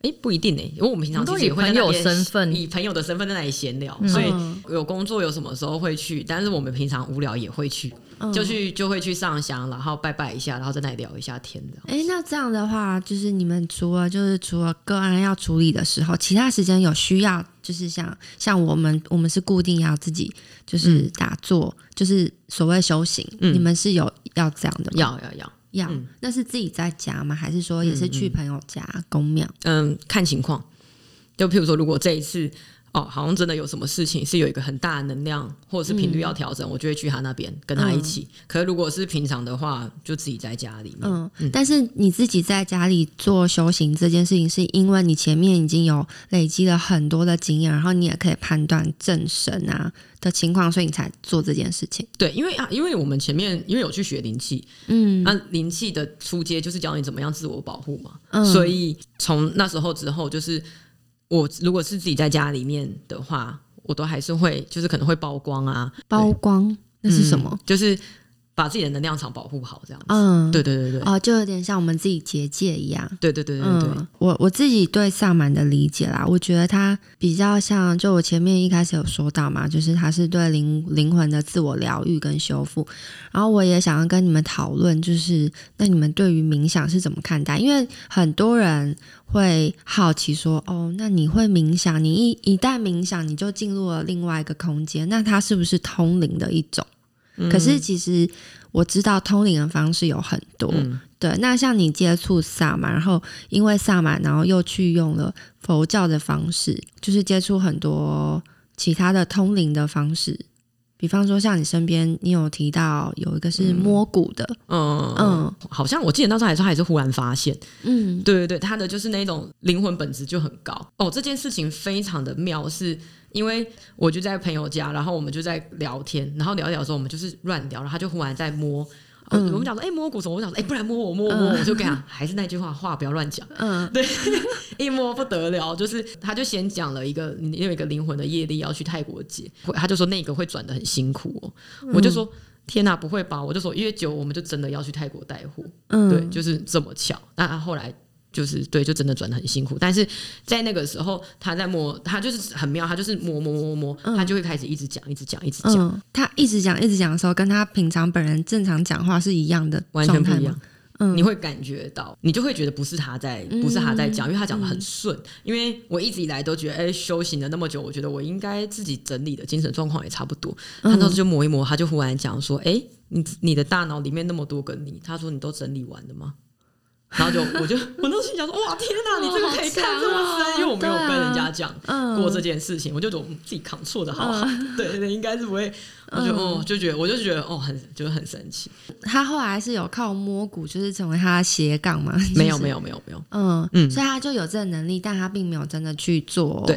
哎，不一定呢、欸，因為我們平常都也會也有身份，以朋友的身份在那裡閒聊、嗯，所以有工作有什麼時候會去，但是我們平常無聊也會去，嗯、就去就會去上香，然後拜拜一下，然後在那裡聊一下天。這樣。哎，那這樣的話，就是你們除了就是除了個案要處理的時候，其他時間有需要，就是像像我們我們是固定要自己就是打坐，嗯、就是。所謂修行、嗯，你們是有要這樣的嗎？有有有要，要，要，要、嗯、那是自己在家嗎？還是說也是去朋友家、啊嗯嗯、公廟？嗯，看情況。就譬如說，如果這一次。哦，好像真的有什麼事情是有一個很大的能量或者是頻率要調整，嗯，我就會去他那邊跟他一起，嗯。可如果是平常的話，就自己在家裡面，嗯。嗯，但是你自己在家裡做修行這件事情，是因為你前面已經有累積了很多的經驗，然後你也可以判斷正神啊的情況，所以你才做這件事情。對，因為啊，因為我們前面因為有去學靈氣，嗯，那靈氣的初階就是教你怎麼樣自我保護嘛，嗯，所以從那時候之後就是。我如果是自己在家裡面的話，我都還是會，就是可能會曝光啊。曝光那是什麼？嗯，就是。把自己的能量場保護好，這樣子。嗯，對對對對。哦，就有點像我們自己結界一樣。對對對對，嗯，對。我我自己對薩滿的理解啦，我覺得它比較像，就我前面一開始有說到嘛，就是它是對靈靈魂的自我療癒跟修復。然後我也想要跟你們討論，就是那你們對於冥想是怎麼看待？因為很多人會好奇說，哦，那你會冥想？你一一旦冥想，你就進入了另外一個空間，那它是不是通靈的一種？可是，其實我知道通靈的方式有很多。嗯、對，那像你接觸薩滿，然後因為薩滿，然後又去用了佛教的方式，就是接觸很多其他的通靈的方式。比方說，像你身邊，你有提到有一個是摸骨的，嗯嗯，嗯，好像我記得當時還是還是忽然發現，嗯，對對對，他的就是那種靈魂本質就很高哦。這件事情非常的妙，是因為我就在朋友家，然後我們就在聊天，然後聊一聊的時候，我們就是亂聊，然後他就忽然在摸。嗯、我們講說、欸，摸骨什麼？我想說、欸，不然摸我摸摸，我、嗯、就講，還是那句話，話不要亂講。嗯，對，一摸不得了，就是他就先講了一個，因為一個靈魂的業力要去泰國解，他就說那個會轉的很辛苦哦、喔。嗯、我就說，天哪、啊，不會吧？我就說，一月九，我們就真的要去泰國帶貨。嗯，對，就是這麼巧。那後來。就是對，就真的轉得很辛苦，但是在那個時候，他在摸，他就是很妙，他就是摸摸摸摸，他就會開始一直講，一直講，一直講、嗯嗯。他一直講，一直講的時候，跟他平常本人正常講話是一樣的，完全不一樣、嗯。你會感覺到，你就會覺得不是他在，不是他在講、嗯，因為他講得很順。因為我一直以來都覺得，哎、欸，修行了那麼久，我覺得我應該自己整理的精神狀況也差不多。他當時就摸一摸，他就忽然講說：“哎、欸，你你的大腦裡面那麼多個你，他說你都整理完了嗎？” 然後就我就我當時心想說哇天哪、啊、你這個可以看、哦、這麼深，因為我沒有跟人家講過這件事情，啊嗯、我就覺得我自己扛錯的好，嗯、 對，對對，應該是不會。嗯、我就哦就覺得我就覺得哦很就是很神奇。他後來是有靠摸骨就是成為他的斜槓嗎、就是？沒有沒有沒有沒有。嗯嗯，所以他就有這個能力，但他並沒有真的去做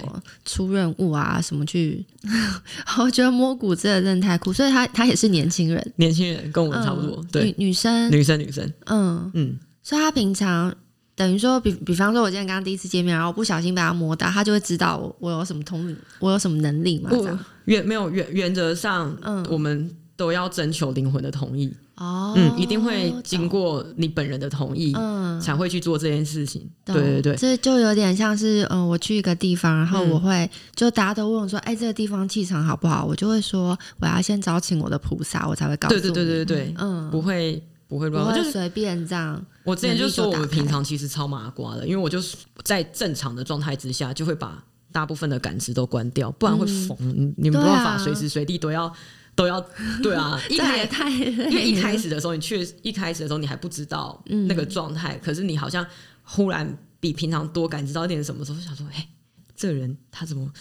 出任務啊什麼去。 我覺得摸骨這個真的太酷，所以他他也是年輕人，年輕人跟我們差不多，嗯、對女，女生女生女生，嗯嗯。所以他平常等於說比，比比方說，我今天剛剛第一次見面，然後我不小心把他摸到，他就會知道我我有什麼通靈，我有什麼能力嘛？不，原沒有原原則上、嗯，我們都要徵求靈魂的同意哦，嗯，一定會經過你本人的同意，嗯，才會去做這件事情。對對對，這就有點像是，嗯，我去一個地方，然後我會、嗯、就大家都問我說，哎，這個地方氣場好不好？我就會說，我要先招請我的菩薩，我才會告訴。對對對對對，嗯，不會不會亂，我就是、隨便這樣。我之前就說我們平常其實超麻瓜的，因為我就在正常的狀態之下，就會把大部分的感知都關掉，不然會瘋、嗯啊。你們無法隨時隨地都要，都要對啊。 這也太因為一開始的時候你，你確實一開始的時候，你還不知道那個狀態、嗯。可是你好像忽然比平常多感知到一點什麼的時候想說，哎、欸，這個人他怎麼？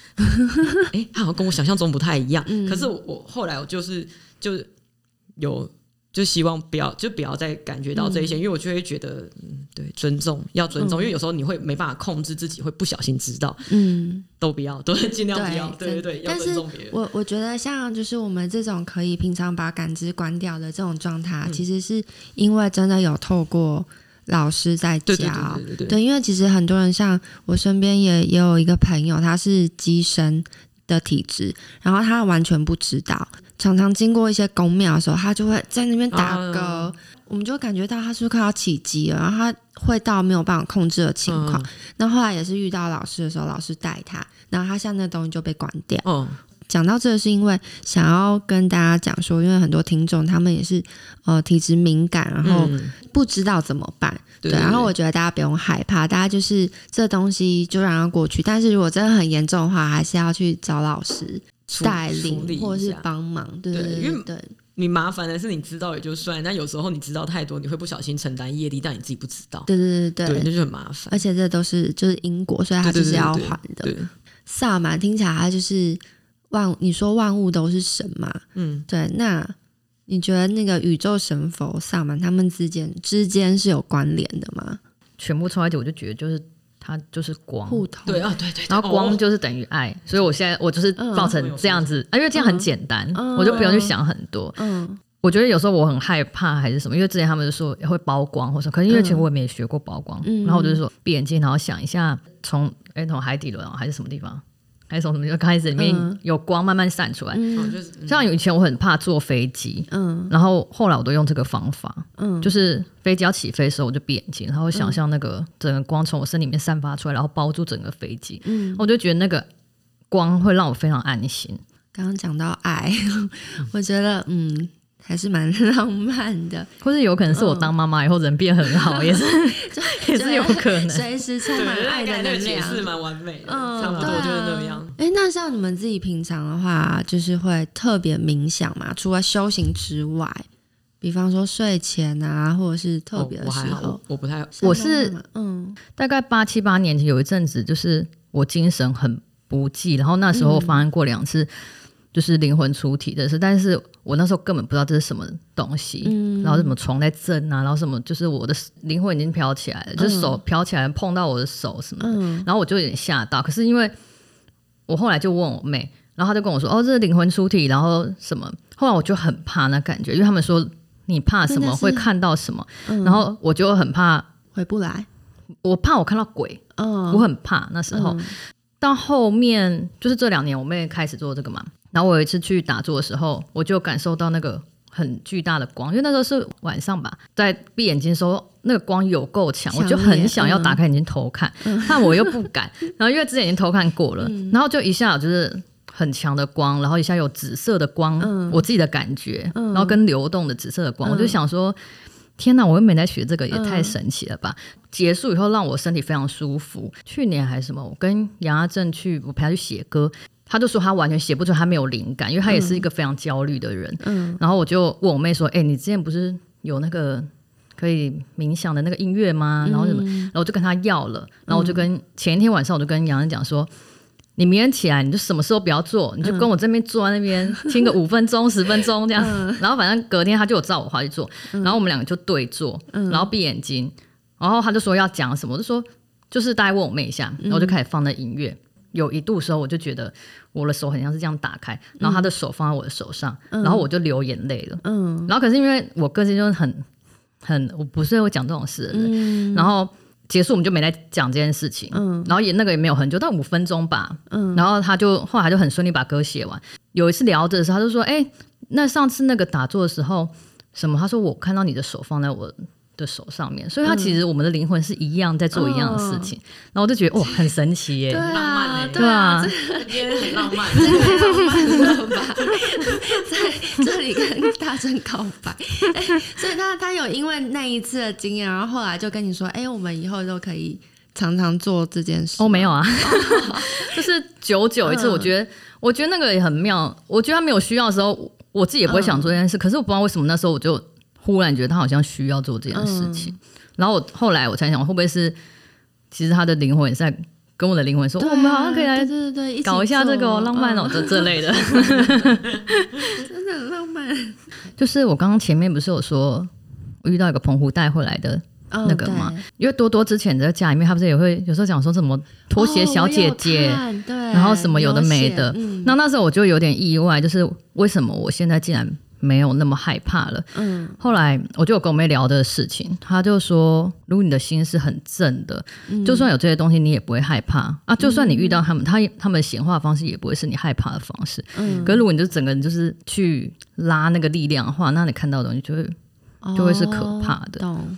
哎、欸，他好像跟我想象中不太一樣。嗯、可是我我後來我就是就是有。就希望不要，就不要再感覺到這一些，嗯、因為我就會覺得，嗯，對，尊重要尊重、嗯，因為有時候你會沒辦法控制自己，會不小心知道，嗯，都不要，都盡量不要，對對，對對。對要尊重別人，但是我，我我覺得像就是我們這種可以平常把感知關掉的這種狀態、嗯，其實是因為真的有透過老師在教，對，對，對，對，對，對，對，對，因為其實很多人像我身邊也也有一個朋友，他是機身的體質，然後他完全不知道。常常經過一些宮廟的時候，他就會在那邊打嗝，啊，我們就感覺到他是不是快要起乩了，然後他會到沒有辦法控制的情況，啊。那後來也是遇到老師的時候，老師帶他，然後他現在那東西就被關掉。哦講到這個，是因為想要跟大家講說，因為很多聽眾他們也是呃體質敏感，然後不知道怎麼辦、嗯對對對，對。然後我覺得大家不用害怕，大家就是這東西就讓它過去。但是如果真的很嚴重的話，還是要去找老師帶領處理或是幫忙，對，對。對，你麻煩的是你知道也就算，但有時候你知道太多，你會不小心承擔業力，但你自己不知道，對對對對，對那就很麻煩。而且這都是就是因果，所以他就是要還的。薩滿聽起來他就是。萬，你說萬物都是神嘛？嗯，對。那你覺得那個宇宙神佛、薩滿他們之間之間是有關聯的嗎？全部衝在一起，我就覺得就是它就是光，對啊對，對對。然後光就是等於愛、哦，所以我現在我就是造成這樣子、嗯、啊、嗯，因為這樣很簡單、嗯，我就不用去想很多。嗯，我覺得有時候我很害怕還是什麼，因為之前他們就說會曝光或者可能因為其實我也沒學過曝光。嗯，然後我就說閉眼睛，然後想一下從哎從海底輪、啊、還是什麼地方。還是什麼就開始，裡面有光慢慢散出來。就、嗯、像以前我很怕坐飛機，嗯，然後後來我都用這個方法，嗯，就是飛機要起飛的時候，我就閉眼睛，然後想象那個整個光從我身裡面散發出來，然後包住整個飛機，嗯，我就覺得那個光會讓我非常安心。剛剛講到愛， 我覺得嗯。還是蠻浪漫的，或是有可能是我當媽媽以後人變很好，嗯、也是， 也是有可能對，隨時充滿愛的那個樣子，對對，是蠻完美的，差不多就是那樣。哎、啊欸，那像你們自己平常的話，就是會特別冥想嘛？除了修行之外，比方說睡前啊，或者是特別的時候，哦、我，好我不太好，我是嗯，大概八七八年前有一陣子，就是我精神很不濟，然後那時候發生過兩次。嗯就是靈魂出體的事，但是我那時候根本不知道這是什麼東西，嗯、然後什麼蟲在震啊，然後什麼就是我的靈魂已經飄起來了，嗯、就手飄起來碰到我的手什麼的、嗯，然後我就有點嚇到。可是因為我後來就問我妹，然後她就跟我說：“哦，這是靈魂出體。”然後什麼？後來我就很怕那感覺，因為他們說你怕什麼會看到什麼、嗯，然後我就很怕回不來，我怕我看到鬼，哦、我很怕。那時候、嗯、到後面就是這兩年，我妹開始做這個嘛。然後我有一次去打坐的時候，我就感受到那個很巨大的光，因為那時候是晚上吧，在閉眼睛的時候，那個光有夠強，我就很想要打開眼睛偷看、嗯，但我又不敢、嗯。然後因為之前已經偷看過了、嗯，然後就一下就是很強的光，然後一下有紫色的光，嗯、我自己的感覺、嗯，然後跟流動的紫色的光、嗯，我就想說，天哪！我又沒在學這個，也太神奇了吧！嗯、結束以後讓我身體非常舒服。去年還是什麼，我跟楊阿蓁去，我陪他去寫歌。他就說他完全寫不出，他沒有靈感，因為他也是一個非常焦慮的人。嗯，嗯然後我就問我妹說：“哎、欸，你之前不是有那個可以冥想的那個音樂嗎？然後什麼？”嗯、然後我就跟他要了。然後我就跟前一天晚上我就跟楊洋人講說、嗯：“你明天起來你就什麼時候不要做，你就跟我這邊坐在那邊、嗯、聽個五分鐘 十分鐘這樣。嗯”然後反正隔天他就有照我話去做、嗯。然後我們兩個就對坐，然後閉眼睛。嗯、然後他就說要講什麼，我就說就是大概問我妹一下，然後我就開始放那音樂。嗯有一度的時候，我就覺得我的手很像是這樣打開，然後他的手放在我的手上，嗯、然後我就流眼淚了。嗯，嗯然後可是因為我個性就很很，我不是會講這種事。嗯，然後結束我們就沒來講這件事情。嗯，然後也那個也沒有很久，到五分鐘吧。嗯，然後他就後來就很順利把歌寫完。有一次聊着的時候，他就說：“哎、欸，那上次那個打坐的時候，什麼？他說我看到你的手放在我。”的手上面，所以他其實我們的靈魂是一樣在做一樣的事情，嗯哦、然後我就覺得哇，很神奇耶，對啊，對啊，對啊對啊也很浪漫，浪漫了吧， 在這裡跟大神告白、欸。所以他他有因為那一次的經驗，然後後來就跟你說，哎、欸，我們以後就可以常常做這件事。哦，沒有啊，就 是久久一次。 我覺得，我覺得那個也很妙。我覺得他沒有需要的時候，我自己也不會想做這件事。嗯、可是我不知道為什麼那時候我就。忽然覺得他好像需要做這件事情，嗯、然後我後來我才想，會不會是其實他的靈魂也是在跟我的靈魂說：“啊哦、我們好像可以來，對對對，對，搞一下這個浪漫哦，這、哦、這類的， 真的很浪漫。”就是我剛剛前面不是有說我遇到一個澎湖帶回來的那個嗎、哦？因為多多之前在家裡面，他不是也會有時候講說什麼拖鞋小姐姐，哦、然後什麼有的沒的。那、嗯、那時候我就有點意外，就是為什麼我現在竟然。沒有那麼害怕了。嗯，後來我就有跟我妹聊的事情，他就說，如果你的心是很正的，嗯、就算有這些東西，你也不會害怕、嗯、啊。就算你遇到他們，他他們的顯化方式也不會是你害怕的方式。嗯，可是如果你就整個人就是去拉那個力量的話，那你看到的東西就會就會是可怕的。哦、懂。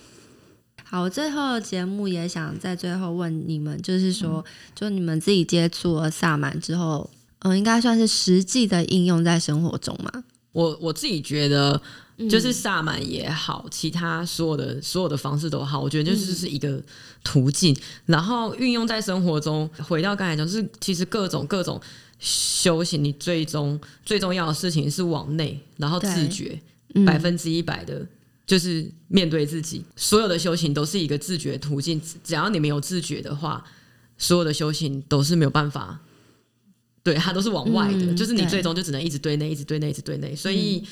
好，最後的節目也想在最後問你們，就是說，嗯、就你們自己接觸了薩滿之後，嗯、呃，應該算是實際的應用在生活中嘛？我我自己覺得，就是薩滿也好，嗯、其他所有的所有的方式都好，我覺得就是是一個途徑，嗯。然後運用在生活中，回到剛才講，是其實各種各種修行，你最終最重要的事情是往內，然後自覺，百分之一百的，就是面對自己。所有的修行都是一個自覺途徑，只要你沒有自覺的話，所有的修行都是沒有辦法。對，它都是往外的、嗯，就是你最終就只能一直對內對，一直對內，一直對內。所以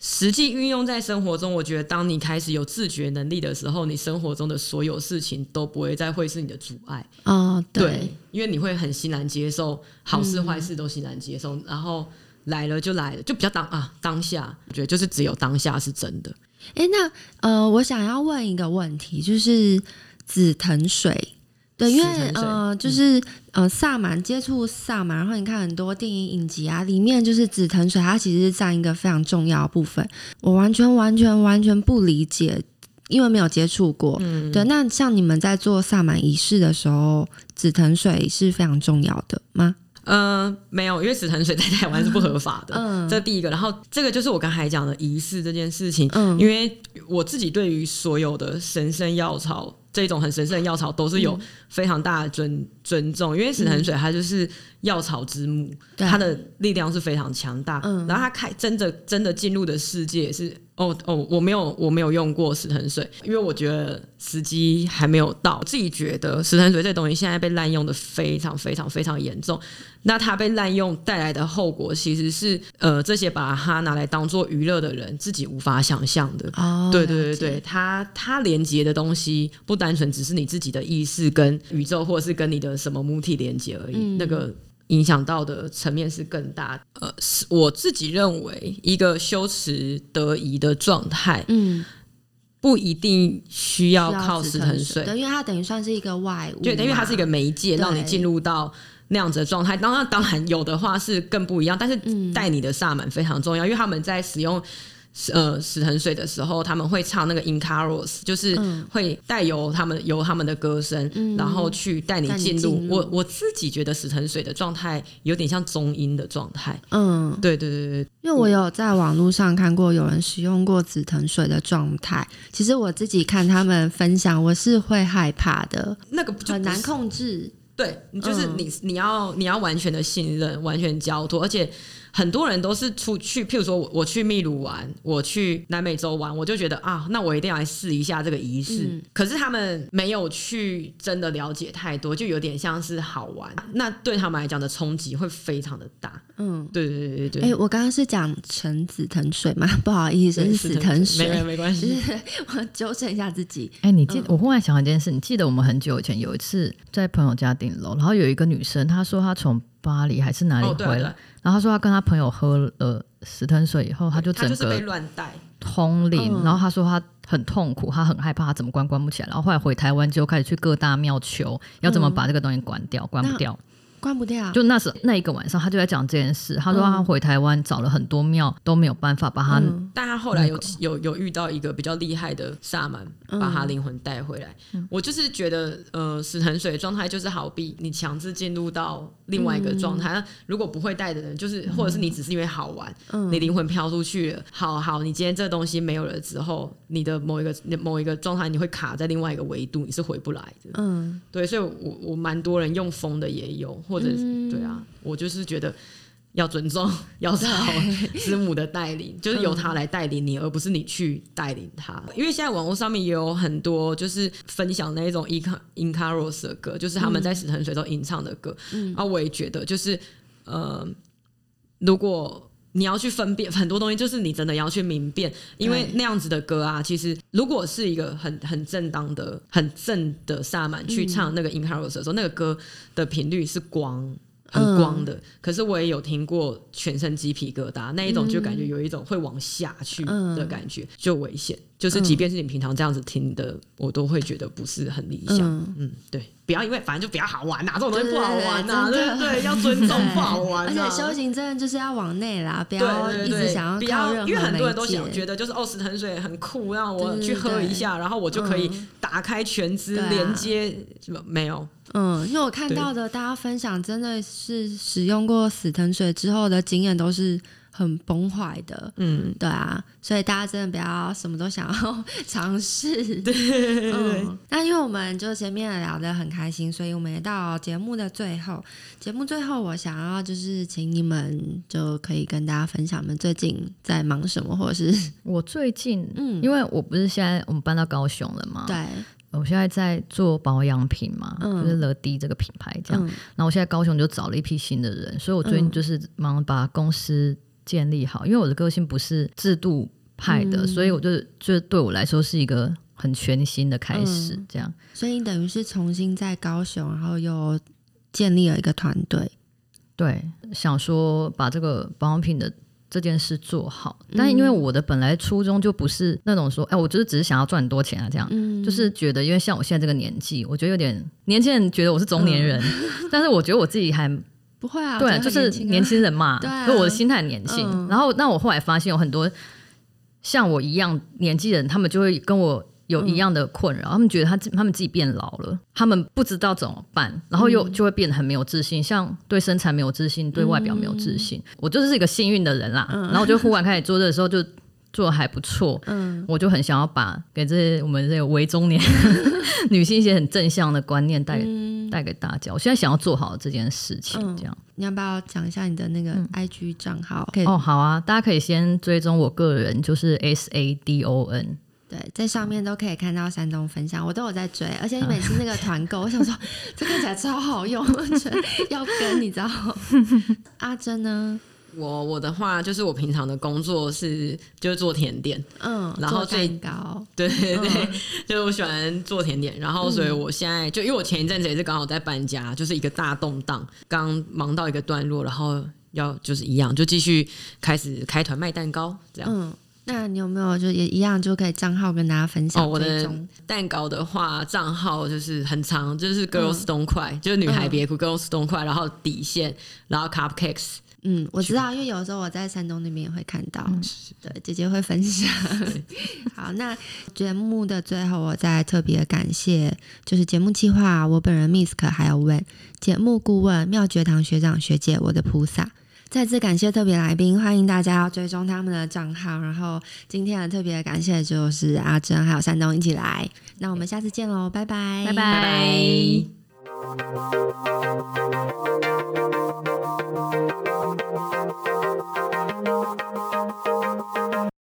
實際運用在生活中，我覺得當你開始有自覺能力的時候，你生活中的所有事情都不會再會是你的阻礙啊、哦。對，因為你會很欣然接受，好事壞事都欣然接受、嗯，然後來了就來了，就比較當啊當下，我覺得就是只有當下是真的。哎，那呃，我想要問一個問題，就是死藤水。對，因為呃，就是、嗯、呃，薩滿接觸薩滿，然後你看很多電影影集啊，裡面就是紫藤水，它其實是占一個非常重要部分。我完全完全完全不理解，因為沒有接觸過。嗯，對。那像你們在做薩滿儀式的時候，紫藤水是非常重要的嗎？呃，沒有，因為紫藤水在台灣是不合法的嗯。嗯，這第一個。然後這個就是我剛才講的儀式這件事情。嗯，因為我自己對於所有的神聖藥草，這種很神聖的藥草都是有非常大的尊尊重，因為死藤水它就是藥草之母，嗯，它的力量是非常強大。嗯，然後它開真的真的進入的世界是哦哦，我沒有我沒有用過死藤水，因為我覺得時機還沒有到。自己覺得死藤水這東西現在被濫用的非常非常非常嚴重，那它被濫用帶來的後果其實是呃，這些把它拿來當做娛樂的人自己無法想象的。哦，對對對對，okay、它它連接的東西不單純只是你自己的意識跟宇宙，或者是跟你的。什麼母體連接而已，嗯，那個影響到的層面是更大的。呃，是我自己認為一個修持得宜的狀態，嗯，不一定需要靠石藤水，水，因為它等於算是一個外物，啊，就因為它是一個媒介，讓你進入到那樣子的狀態。當然，當然有的話是更不一樣，嗯、但是帶你的薩滿非常重要，因為他們在使用。呃，死藤水的時候，他們會唱那個 Incaros，就是會帶有他們由他們的歌聲、嗯，然後去帶你進、嗯、入。我我自己覺得死藤水的狀態有點像中陰的狀態。嗯，對對對，因為我有在網絡上看過有人使用過死藤水的狀態，其實我自己看他們分享，我是會害怕的。那個不很難控制，對，就是你，嗯、你要你要完全的信任，完全交托，而且。很多人都是出去，譬如說我，我去秘魯玩，我去南美洲玩，我就覺得啊，那我一定要來試一下這個儀式、嗯。可是他們沒有去真的了解太多，就有點像是好玩。那對他們來講的衝擊會非常的大。嗯，對對對對對。哎、欸，我剛剛是講橙子藤水嗎、嗯？不好意思，是死藤水，沒，沒，沒關係， 我糾正一下自己。哎、欸，你記得、嗯，我忽然想到一件事，你記得我們很久以前有一次在朋友家頂樓，然後有一個女生，她說她從。巴黎還是哪裡？回來、oh, 啊啊啊，然後他說他跟他朋友喝了死藤水以後，他就整個通靈。然後他說他很痛苦，他很害怕，他怎麼關關不起來。然後後來回台灣就開始去各大廟求、嗯、要怎麼把這個東西關掉，關不掉。關不掉啊！就那時那一個晚上，他就在講這件事。他說他回台灣找了很多廟都沒有辦法把他。嗯、但他後來有、那個、有有遇到一個比較厲害的薩滿，把他靈魂帶回來、嗯。我就是覺得，呃，死藤水的狀態就是好比你強制進入到另外一個狀態。嗯、如果不會帶的人，就是或者是你只是因為好玩、嗯，你靈魂飄出去了。好好，你今天這東西沒有了之後，你的某一個某一個狀態你會卡在另外一個維度，你是回不來的。嗯，對，所以我我蠻多人用瘋的也有。或者對啊，我就是覺得要尊重，要找師母的帶領，就是由他來帶領你， 嗯、而不是你去帶領他。因為現在網絡上面也有很多，就是分享那 in 種 n c a r 洛 s 的歌，就是他們在《死神》水中吟唱的歌。嗯，啊，我也覺得就是呃，如果。你要去分辨很多東西，就是你真的要去明辨，因為那樣子的歌啊，其實如果是一個很很正當的、很正的薩滿、嗯、去唱那個 Icaros 的時候，那個歌的頻率是光。很光的，嗯，可是我也有聽過全身雞皮疙瘩，嗯、那一種，就感覺有一種會往下去的感覺，嗯嗯，就危險。就是即便是你平常這樣子聽的，嗯、我都會覺得不是很理想。嗯，嗯對，不要因為反正就比較好玩啊，這種東西不、啊、不好玩啊，對對，要尊重不好玩。而且修行真的就是要往內啦，不要一直想要比較，因為很多人都想覺得就是死藤水很酷，讓我去喝一下對對對，然後我就可以打開全知、啊、連接，什麼沒有。嗯，因為我看到的大家分享，真的是使用過死藤水之後的經驗都是很崩壞的。嗯，對啊，所以大家真的不要什麼都想要嘗試。對，對，對嗯，那因為我們就前面也聊得很開心，所以我們也到節目的最後。節目最後，我想要就是請你們就可以跟大家分享你們最近在忙什麼，或者是我最近，嗯，因為我不是現在我們搬到高雄了嗎？對。我現在在做保養品嘛，嗯、就是樂迪這個品牌這樣。那、嗯、我現在高雄就找了一批新的人，所以我最近就是忙把公司建立好。嗯、因為我的個性不是制度派的，嗯、所以我就就對我來說是一個很全新的開始這樣。嗯、所以等於是重新在高雄，然後又建立了一個團隊。對，想說把這個保養品的。這件事做好，但是因為我的本來初衷就不是那種說，哎、嗯，我就是只是想要賺很多錢啊，這樣、嗯，就是覺得，因為像我現在這個年紀，我覺得有點年輕人覺得我是中年人，嗯、但是我覺得我自己還不會啊，對啊啊，就是年輕人嘛，對、啊，我的心態很年輕、嗯。然後，那我後來發現，有很多像我一樣年紀人，他們就會跟我。有一樣的困擾、嗯，他們覺得他自他們自己變老了，他們不知道怎麼辦，然後又就會變得很沒有自信，嗯、像對身材沒有自信，對外表沒有自信。嗯、我就是一個幸運的人啦，嗯、然後我就忽然開始做這個時候就做得還不錯，嗯，我就很想要把給這些我們這個微中年、嗯、 女性一些很正向的觀念帶、嗯、帶給大家。我現在想要做好這件事情，這樣、嗯、你要不要講一下你的那個 IG 賬號、嗯可以？哦，好啊，大家可以先追蹤我個人，就是 S A D O N。對，在上面都可以看到山東分享，我都有在追。而且你每次那個團購，嗯、我想說，這看起來超好用，要跟你知道。阿蓁呢？我我的話，就是我平常的工作是就是做甜點，嗯，然後最蛋糕，對對、對、嗯、就是我喜歡做甜點。然後，所以我現在、嗯、就因為我前一陣子也是剛好在搬家，就是一個大動盪，剛忙到一個段落，然後要就是一樣，就繼續開始開團賣蛋糕這樣。嗯那你有沒有就也一樣，就可以賬號跟大家分享？哦，我的蛋糕的話，賬號就是很長，就是 Girls Don't Cry，、嗯、就是女孩別哭、嗯、Girls Don't Cry，然後底線，然後 Cupcakes。嗯，我知道，因為有時候我在山東那邊也會看到，嗯、對姐姐會分享。好，那節目的最後，我再特別感謝，就是節目計劃，我本人 Misc，還有問節目顧問妙覺堂學長學姐、我的菩薩。再次感謝特別來賓，歡迎大家要追蹤他們的賬號。然後今天的特別感謝就是阿蓁還有山東一起來，那我們下次見嘍，拜拜，拜拜。Bye bye